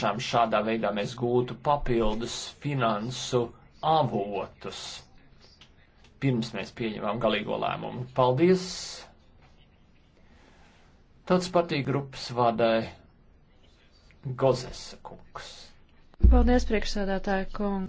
tiešām šādā veidā mēs gūtu papildus finansu avotus, pirms mēs pieņemam galīgo lēmumu. Paldies! Tautas partija grupas vadai Gozesa kungs. Paldies, priekšsēdētāja kungs.